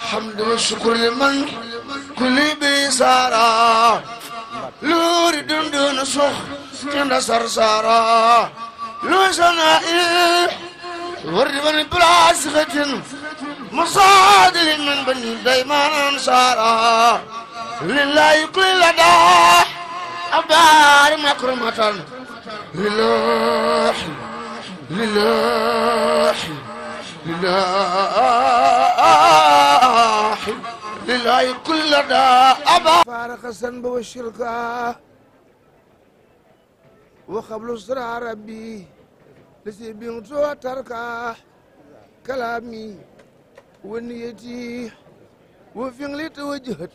حمد والشكر لمن كل بيسارا لور دون دون سخ كنا سرسارا لو سنائي ورد من بلا صفة مصاد من بني دايمان انصارا لله يقل لدى أبار مكرمة لله لله لله لله كلنا أبا فارق الذنب والشرك وقبل صراع ربي لسي بنت وتركه كلامي ونيتي وفعلي توجهت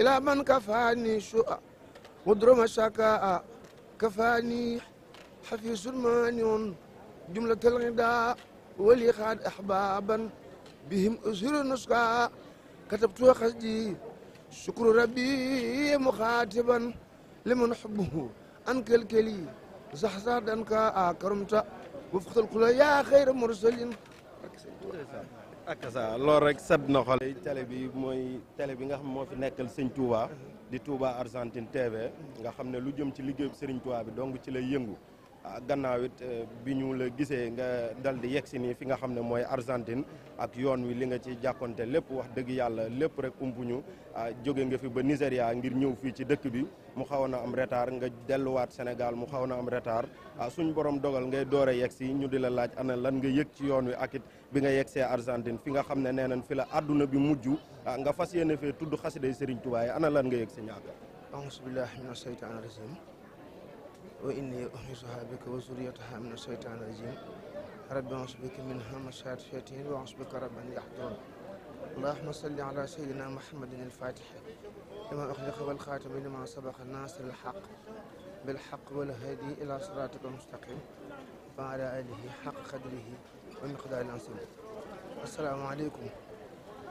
إلى من كفاني شؤا ودرم شكاء كفاني حفيظ مانع جملة الغداء ولي خاد أحبابا بهم أسر نسكا كتبت وخزدي شكر ربي مخاطبا لمن حبه أنك الكلي زحزاد أنك أكرمت وفقت الكل يا خير مرسلين akasa loolu rek sedd na xol télé bi mooy tele bi nga xam moo fi nekkal sëñ Touba di Touba Argentine TV nga xam ne lu jëm ci liggéey liggéeyu Serigne Touba bi donc ci lay yëngu Ah, gannaaw it eh, bi ñu la gisee nga dal di yegg si nii fi nga xam ne mooy Argentine ak yoon wi li nga ci jàkkonte lépp wax dëgg yàlla lépp rek umpuñu ah, jóge nga fi ba Nigéria ngir ñëw fii ci dëkk bi mu xawoon na am retard nga delluwaat Sénégal mu xaw a am retard ah, suñ borom dogal ngay door a yegg si ñu di la laaj ana lan nga yëg ci yoon wi ak it bi nga yegg see Argentine fi nga xam ne nee nañ fi la àdduna bi mujj nga fas yéene fee tudd xasiday Serigne Touba ana lan nga yëg si ñàkk. alhamdulilah mina shaytaan rajim wa inni u'idhuha bika wa dhurriyyataha min ash-shaytani rajim rabbi a'udhu bika min hamazati shayatin wa a'udhu bika rabbi an yahdurun allahumma salli ala sayyidina muhammadin al-fatih lima ughliqa wal khatimi lima sabaqa nasir al-haq bil haq wal hadi ila siratika al-mustaqim wa ala alihi haqqa qadrihi wa miqdaril azim assalaamu aleykum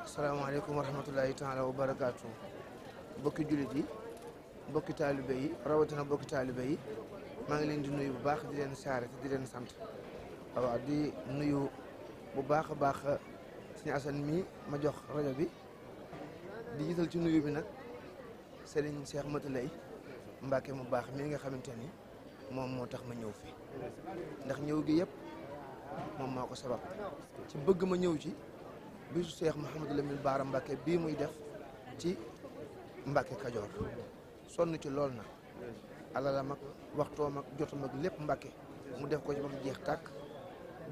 assalaamu aleykum wa rahmatullahi taala wa barakatuh bokki julit yi bokki taalibe yi rawatina bokki taalibe yi maa ngi leen di nuyu bu baax di leen saare di leen sant waaw di nuyu bu baax a baax suñu asan mi ma jox rajo bi di jiital ci nuyu bi nag Serigne Cheikh Matalay Mbacke mu baax mii nga xamante ni moom moo tax ma ñëw fi ndax ñëw gi yëpp moom moo ko sabab ci bëgg ma ñëw ci bisu Cheikh Mouhamadou Lamine Baara Mbacke bii muy def ci Mbacke Kajoor sonn ci lool na alalam ak waxtoom ak jotam ak lépp mbàkke mu def ko ci ba mu jeex tàkk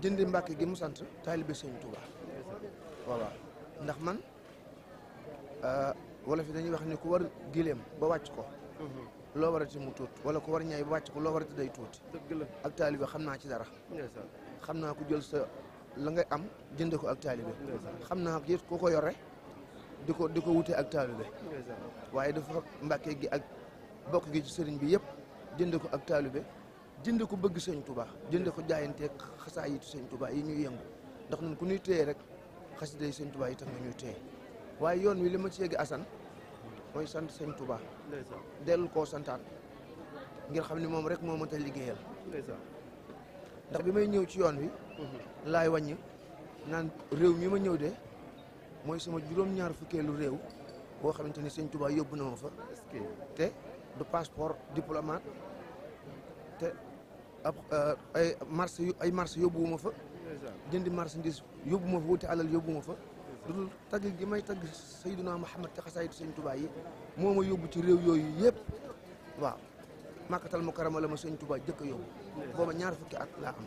jëndi mbàkke gi mu sant taalibe sëñ Touba waaw ndax man euh, wala fi dañuy wax ni ku war gileem ba wàcc ko mhm. loo war a warati mu tuut wala ku war ñaay ba wàcc ko loo war warati day tuuti ak taalibe xam naa ci dara xam naa ko jël sa la ngay am jënde ko ak taalibe xam naa ko yit ko yore di ko di ko wute ak taalube waaye dafa mbàkke gi ak bokk gi ci sëriñ bi yëpp jënd ko ak taalube jënd ko bëgg sëñ tubaa jënd ko jaayanteek xasaa yitu sëñ tubaa yi ñuy yëngu ndax ñun ku ñuy téye rek xasiday sëñ tubaa yi tax nga ñuy téye waaye yoon wi li ma ci yegg asan mooy sant sëñ tubaa dellu koo santaan ngir xam ni moom rek moo mën a liggéeyal ndax bi may ñëw ci yoon wi mhm. laay wàññi naan réew mi ma ñëw de mooy sama juróom-ñaar fukkeelu réew boo xamante ni sëñ Touba yóbbu na ma fa. te du passeport diplomate te ab euh, ay marché yu ay marché yóbbuwu ma fa. jëndi marchandise yóbbu ma fa wuti alal yóbbu ma fa. dul tagg gi may tagg Sayyiduna Muhammad te xasaayidu sëñ Touba yi moo ma yóbbu ci réew yooyu yëpp waaw màkkatal mu karama la ma sëñ Touba jëkk a yóbbu. booba ñaar fukki ak laa am.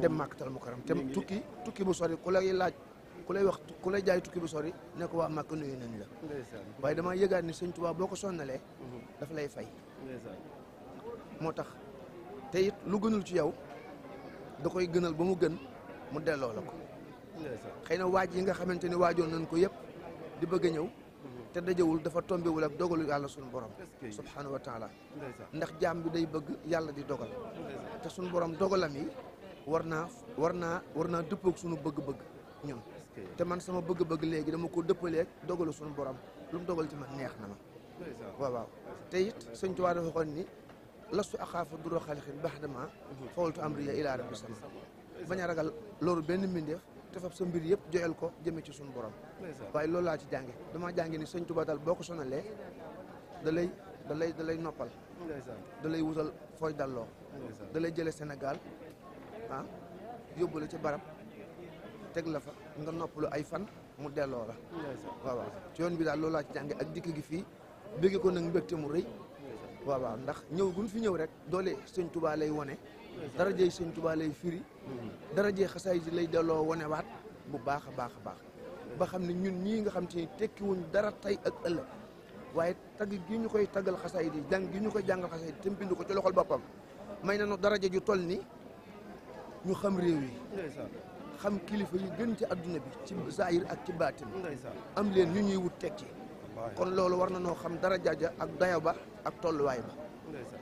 dem màkkatal mu karam te tukki tukki bu sori ku lay laaj. ku lay wax ku lay jaay tukki bu sori ne ko waa Màkka nuyu nañ la waaye damaa yëgaat ni sëñ Tuubaa boo ko sonnalee mhm. dafa lay fay moo tax te it lu gënul ci yow da koy gënal ba mu gën mu delloo la ko xëy na waaj yi nga xamante ni waajoon nañ ko yëpp di bëgg ñëw mhm. te dajawul dafa tombewul ak dogalu yàlla suñu borom subhanahu wa taala ndax jaam bi day bëgg yàlla di dogal te suñu borom dogalam yi war naa war naa war naa dëppoog suñu bëgg-bëgg ñun te man sama bëgg-bëgg léegi dama ko dëppaleeg dogalu suñu borom lu mu dogal ci man neex na ma waaw waaw te it sëñ Tuubaa dafa xoon ni lastu axaafu duro xalixin baax dama fawaltu amriya ilaa rabbi sama bañ a ragal loolu benn mbindeef te fab sa mbir yëpp joyal ko jëme ci suñu borom waaye loolu laa ci jànge dama jànge ni sëñ Tuubaa daal boo ko sonalee da lay da lay da lay noppal da lay wutal fooy dalloo da lay jële Sénégal ah yóbbu la ci barab teg la fa nga noppalu ay fan mu delloo la waaw waaw ci bi daal loolu laa ci jànge ak dikk gi fii bégge ko nag mbégte mu rëy waaw waaw ndax ñëw gun fi ñëw rek doole sëñ Tuubaa lay wone darajey sëñ Tuubaa lay firi darajey xasaay ji lay delloo wone waat bu baax a baax a baax ba xam ne ñun ñii nga xam te ni tekkiwuñ dara tey ak ëllëg waaye tagg gi ñu koy taggal xasaay di jàng gi ñu koy jàngal xasaay di te bind ko ci loxol boppam may nañu daraja ju toll ni ñu xam réew yi xam kilifa yi gën ci àdduna bi ci zahir ak ci baatin am leen ñu ñuy wut teg tekki kon loolu war na noo xam dara jaaja ak dayo ba ak tolluwaay ba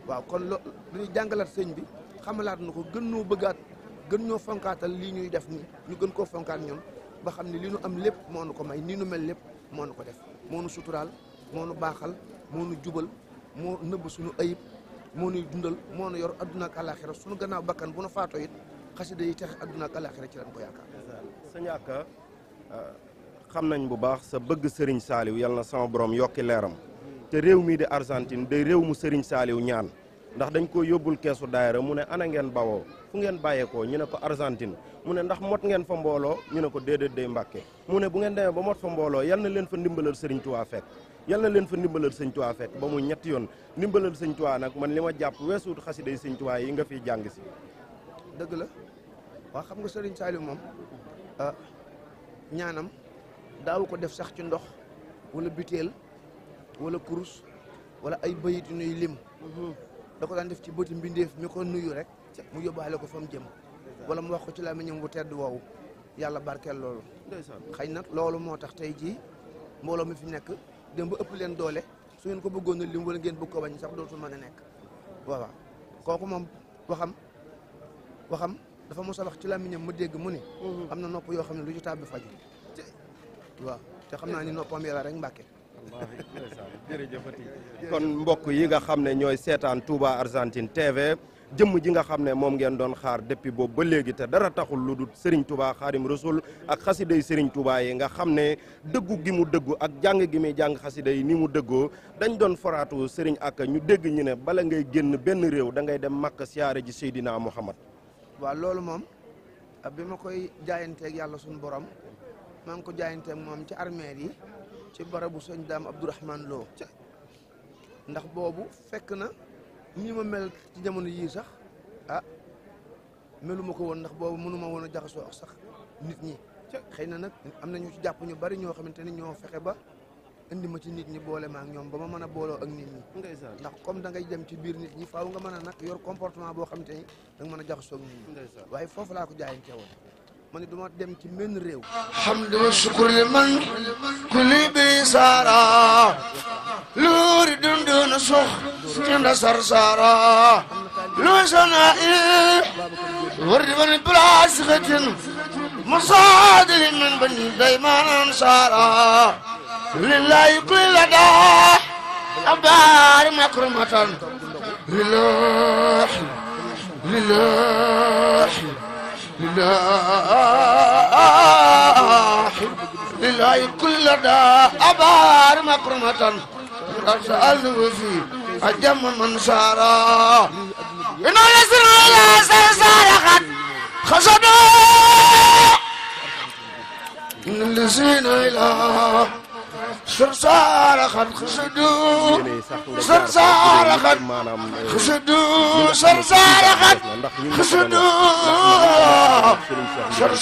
waaw kon loolu dañuy jàngalaat sëñ bi xamalaat na ko gën noo bëggaat gën noo fonkaatal lii ñuy def nii ñu gën koo fonkaat ñun ba xam ne li nu am lépp moo nu ko may ni nu mel lépp moo nu ko def moo nu suturaal moo nu baaxal moo nu jubal moo nëbb suñu ayib moo nuy dundal moo nu yor adduna ak àllaaxira suñu gannaaw bakkan bu nu faatoo it xasida yi tax àdduna ak alaxira ci lañ ko yaakaar sa ñàkk euh, xam nañ bu baax sa bëgg sëriñ saaliw yal na sama borom yokki leeram te réew mii di Argentine day réew mu sëriñ saaliw ñaan ndax dañ ko yóbbul keesu daayira mu ne ana ngeen bawoo fu ngeen bàyyeekoo ñu ne ko Argentine mu ne ndax mot ngeen fa mbooloo ñu ne ko déedéet day mbàkke mu ne bu ngeen demee ba mot fa mbooloo yal na leen fa ndimbalal sëriñ Tuubaa fekk yal na leen fa ndimbalal sëñ Tuubaa ba mu ñetti yoon ndimbalal sëñ Tuubaa nag man li ma jàpp weesuut xasida yi sëñ Tuubaa yi nga fiy jàng si dëgg la waa xam nga Serigne Saliou moom ah, ñaanam daawu ko def sax ci ndox wala butéel wala kurus wala ay bayit yu nuy lim. Mhm. da ko daan def ci bëti mbindeef mi ko nuyu rek mu yóbbaale ko fa jëm. wala mu wax ko ci làmmiñam bu tedd wow yàlla barkeel loolu. xëy na loolu moo tax tey jii mbooloo mi fi nekk dem ba ëpp leen doole su ngeen ko bëggoon a lim wala ngeen bëgg ko bañ sax dootul mën a nekk waaw kooku moom waxam. waxam dafa mu a wax ci làmmiñam ma dégg mu ne. Mhm. am na nopp yoo xam ne lu ci tàbbi faju te xam naa ni noppam yàlla rek mbàkke jërëjëfati kon mbokk yi nga xam ne ñooy seetaan Touba Argentine TV jëmm ji nga xam ne moom ngeen doon xaar depuis boobu ba léegi te dara taxul lu dul Serigne Touba Xaadim Rasul ak xasida yi Serigne Touba yi nga xam ne dëggu gi mu dëggu ak jàng gi muy jàng xasida yi ni mu dëggoo dañ doon foraatu Serigne ak ñu dégg ñu ne bala ngay génn benn réew da ngay dem Makka siyaare ji Seydina Muhammad waaw loolu moom bi ma koy jaayanteeg yàlla suñu borom maa ngi ko jaayanteeg moom ci armeel yi ci barabu sëñ daam Abdourahman ca ndax boobu fekk na nii ma mel ci jamono yii sax ah meluma ko woon ndax boobu mënuma woon a jaxasoo ak sax nit ñi xëy na nag am na ñu ci jàpp ñu bari ñoo xamante ni ñoo fexe ba indi ma ci nit ñi boole ma ak ñoom ba ma mën a booloo ak nit ñi ndax comme da ngay dem ci biir ni ñi faaw nga mën a nag yor comportement boo xam te ni da nga mën a jaxasoo ak nit ñi waaye foofu laa ko jaayante dem ci menn réew hamdu wa shukru li man kulli bi saara luuri dundun suux tinda sar saara luuri sanaa'i wardi bani bilaasikatin ba min bani saara لله كل داء أبار مكرمة لله لله لله لله كل داء أبار مكرمة أسأل في أجم من سارا إن الإسرائيل سارقت خسدوا إن الذين إله سنسارا خان خسدو سنسارا خان خسدو سنسارا خان خسدو سنسارا خان خسدو خسدو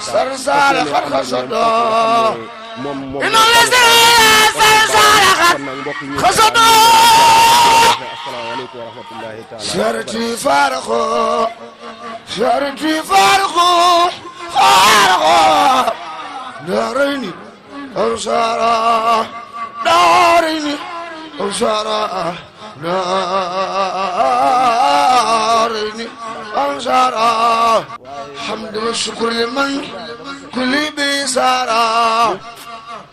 سنسارا خان خسدو إن الذين سنسارا خان خسدو شرتي فارخو شارتي فارغو فارغو داريني أبصارا داريني أبصارا داريني أبصارا حمد والشكر لمن كل بيسارا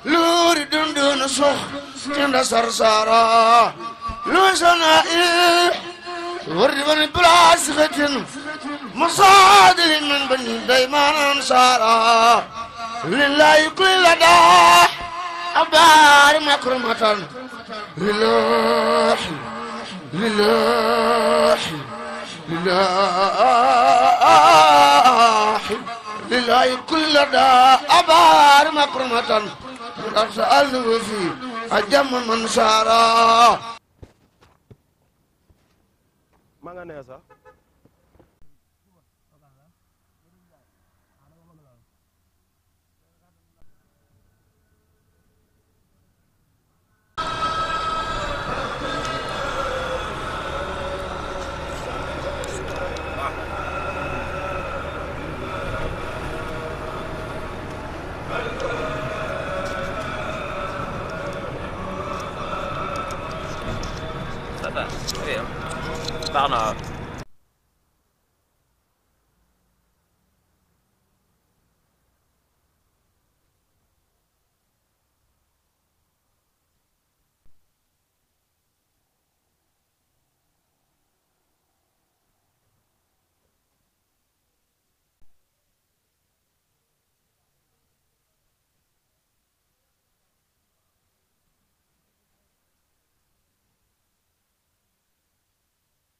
لوري دندن صح تندسر سارا لوسنا إيه وربن بلا سخة مصادر من بني ديمان أنصارا لله يقل لدى أبار مكرمة لله لله لله لله يقل لدى أبار مكرمة أرسل في أجم من سارا ma nga nee sax ah. Barnard.